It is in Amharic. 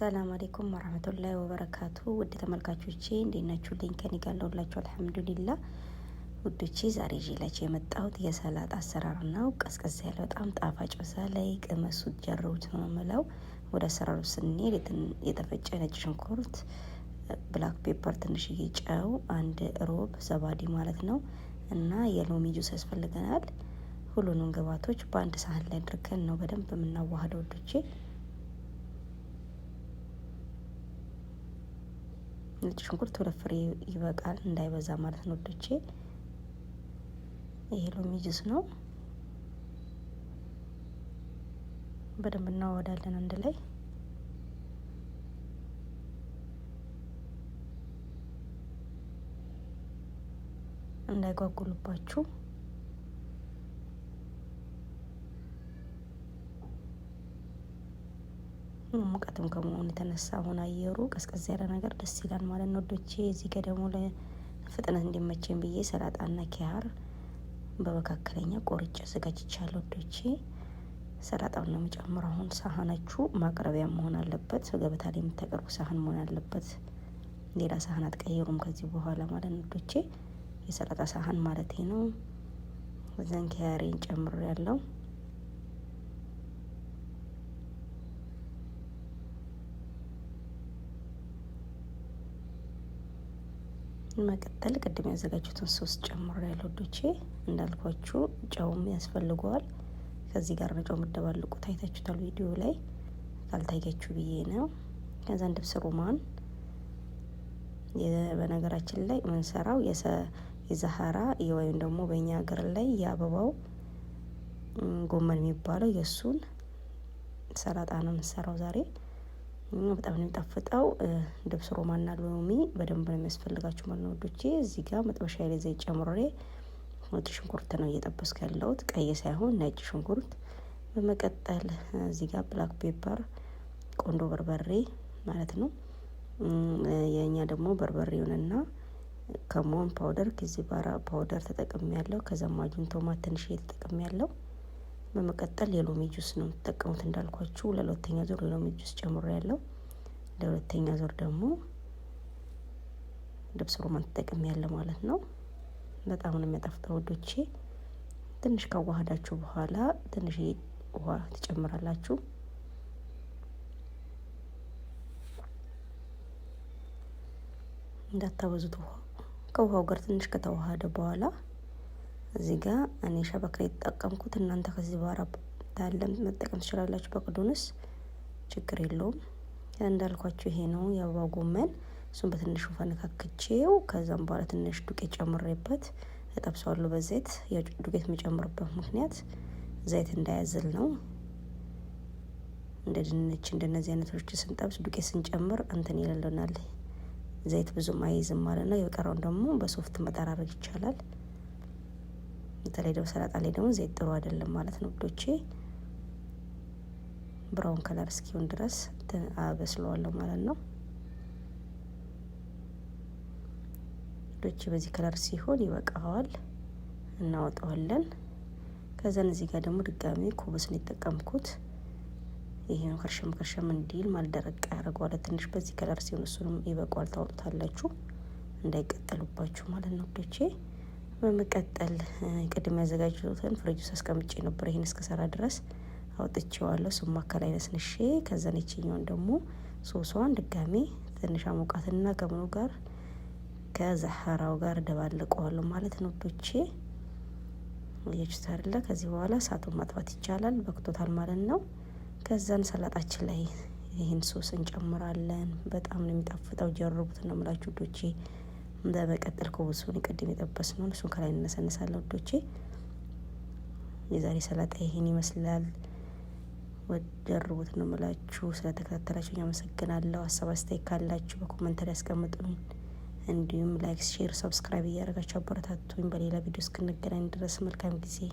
ሰላም አሌይኩም ወረህመቱላሂ ወበረካቱ ውድ ተመልካቾቼ እንዴት ናችሁ? ልኝ ከኔ ጋር ለሁላችሁ አልሐምዱሊላህ። ውዶቼ ዛሬ ይዤላችሁ የመጣሁት የሰላጣ አሰራር ነው። ቀዝቀዝ ያለ በጣም ጣፋጭ በዛ ላይ ቅመሱት፣ ጀረቡት ነው የምለው። ወደ አሰራሩ ስንሄድ የተፈጨ ነጭ ሽንኩርት፣ ብላክ ፔፐር፣ ትንሽዬ ጨው፣ አንድ ሮብ ዘባዲ ማለት ነው እና የሎሚ ጁስ ያስፈልገናል። ሁሉንም ግብአቶች በአንድ ሳህን ላይ አድርገን ነው በደንብ የምናዋህደው ውዶቼ ነጭ ሽንኩርት ሁለት ፍሬ ይበቃል፣ እንዳይበዛ ማለት ነው ውዶቼ። ይሄ ሎሚ ጁስ ነው። በደንብ እናወዳለን አንድ ላይ እንዳይጓጉልባችሁ ሙቀትም ከመሆኑ የተነሳ አሁን አየሩ ቀዝቀዝ ያለ ነገር ደስ ይላል ማለት ነው ወዶቼ። እዚህ ጋ ደግሞ ለፍጥነት እንዲመቸኝ ብዬ ሰላጣና ኪያር በመካከለኛ ቆርጬ አዘጋጅቻለሁ ወዶቼ። ሰላጣው ነው የሚጨምረው። አሁን ሳህናችሁ ማቅረቢያ መሆን አለበት፣ ገበታ ላይ የምታቀርቡ ሳህን መሆን አለበት። ሌላ ሳህን አትቀይሩም ከዚህ በኋላ ማለት ነው ወዶቼ። የሰላጣ ሳህን ማለት ነው። እዛን ኪያሬን ጨምሮ ያለው መቀጠል ቅድም ያዘጋጁትን ሶስት ጨምሮ ያለ ወዶቼ እንዳልኳችሁ ጨውም ያስፈልገዋል። ከዚህ ጋር ነው ጨው የምደባልቁት፣ አይታችሁታል ቪዲዮ ላይ ካልታያችሁ ብዬ ነው። ከዛን ድብስ ሮማን በነገራችን ላይ የምንሰራው የዛሀራ ወይም ደግሞ በእኛ ሀገር ላይ የአበባው ጎመን የሚባለው የእሱን ሰላጣ ነው የምንሰራው ዛሬ በጣም ነው የሚጣፍጠው። ድብስ ሮማና ሎሚ በደንብ ነው የሚያስፈልጋችሁ ማለት ነው ወዶቼ። እዚህ ጋር መጥበሻ ላይ ዘይት ጨምሬ ነጭ ሽንኩርት ነው እየጠበስኩ ያለሁት፣ ቀይ ሳይሆን ነጭ ሽንኩርት። በመቀጠል እዚህ ጋር ብላክ ፔፐር፣ ቆንዶ በርበሬ ማለት ነው። የእኛ ደግሞ በርበሬውንና ከሞን ፓውደር ከዚህ ባራ ፓውደር ተጠቅሜ ያለው። ከዛ ማጁን ቶማት ትንሽ ተጠቅሜ ያለው በመቀጠል የሎሚ ጁስ ነው የምትጠቀሙት። እንዳልኳችሁ ለሁለተኛ ዙር የሎሚ ጁስ ጨምሮ ያለው ለሁለተኛ ዙር ደግሞ ድብስ ሮማን ተጠቅም ያለ ማለት ነው። በጣም ነው የሚያጣፍጠው ወዶቼ። ትንሽ ካዋሃዳችሁ በኋላ ትንሽ ውሃ ትጨምራላችሁ። እንዳታበዙት ውሃ ከውሃው ጋር ትንሽ ከተዋሃደ በኋላ እዚህ ጋ እኔ ሸበካ የተጠቀምኩት እናንተ ከዚህ በኋላ ታለም መጠቀም ትችላላችሁ። በቅዱንስ ችግር የለውም። እንዳልኳችሁ ይሄ ነው የአበባ ጎመን። እሱም በትንሹ ፈነካክቼው ከዛም በኋላ ትንሽ ዱቄት ጨምሬበት እጠብሰዋለሁ በዘይት። ዱቄት የሚጨምርበት ምክንያት ዘይት እንዳያዝል ነው። እንደ ድንች እንደነዚህ አይነቶች ስንጠብስ ዱቄት ስንጨምር እንትን ይለልናል፣ ዘይት ብዙም አይይዝም ማለት ነው። የቀረውን ደግሞ በሶፍት መጠራረግ ይቻላል። በተለይ ደግሞ ሰላጣ ላይ ደግሞ ዘይት ጥሩ አይደለም ማለት ነው ውዶቼ። ብራውን ከለር እስኪሆን ድረስ አበስለዋለሁ ማለት ነው ውዶቼ። በዚህ ከለር ሲሆን ይበቃዋል፣ እናወጣዋለን። ከዛን እዚህ ጋር ደግሞ ድጋሚ ኩብስ ነው የጠቀምኩት። ይሄን ከርሸም ከርሸም እንዲል ማልደረቅ ያደርገዋል ትንሽ። በዚህ ከለር ሲሆን እሱንም ይበቃዋል፣ ታወጡታላችሁ እንዳይቀጠሉባችሁ ማለት ነው ውዶቼ። በመቀጠል ቅድም ያዘጋጅሁትን ፍሪጅ ውስጥ አስቀምጬ ነበር። ይህን እስከሰራ ድረስ አውጥቼዋለሁ። ስማ ከላይ ነስንሼ ከዛን ይችኛውን ደግሞ ሶሷን ድጋሜ ትንሽ አሞቃትና ከምኑ ጋር ከዛሐራው ጋር ደባልቀዋለሁ ማለት ነው። ዶቼ የችታርለ ከዚህ በኋላ እሳቱን ማጥፋት ይቻላል። በክቶታል ማለት ነው። ከዛን ሰላጣችን ላይ ይህን ሶስ እንጨምራለን። በጣም ነው የሚጣፍጠው። ጀርቡት ነው የምላችሁ ዶቼ በመቀጠል ኮብልስቶን ቅድም ነው እሱን ከላይ እነሰንሳለን ውዶቼ። የዛሬ ሰላጣ ይሄን ይመስላል። ወደርቡት ነው የምላችሁ። ስለተከታተላችሁ አመሰግናለሁ። ሀሳብ አስተያየት ካላችሁ በኮመንት ላይ ያስቀምጡኝ። እንዲሁም ላይክ፣ ሼር፣ ሰብስክራይብ እያደረጋችሁ አበረታቱኝ። በሌላ ቪዲዮ እስክንገናኝ ድረስ መልካም ጊዜ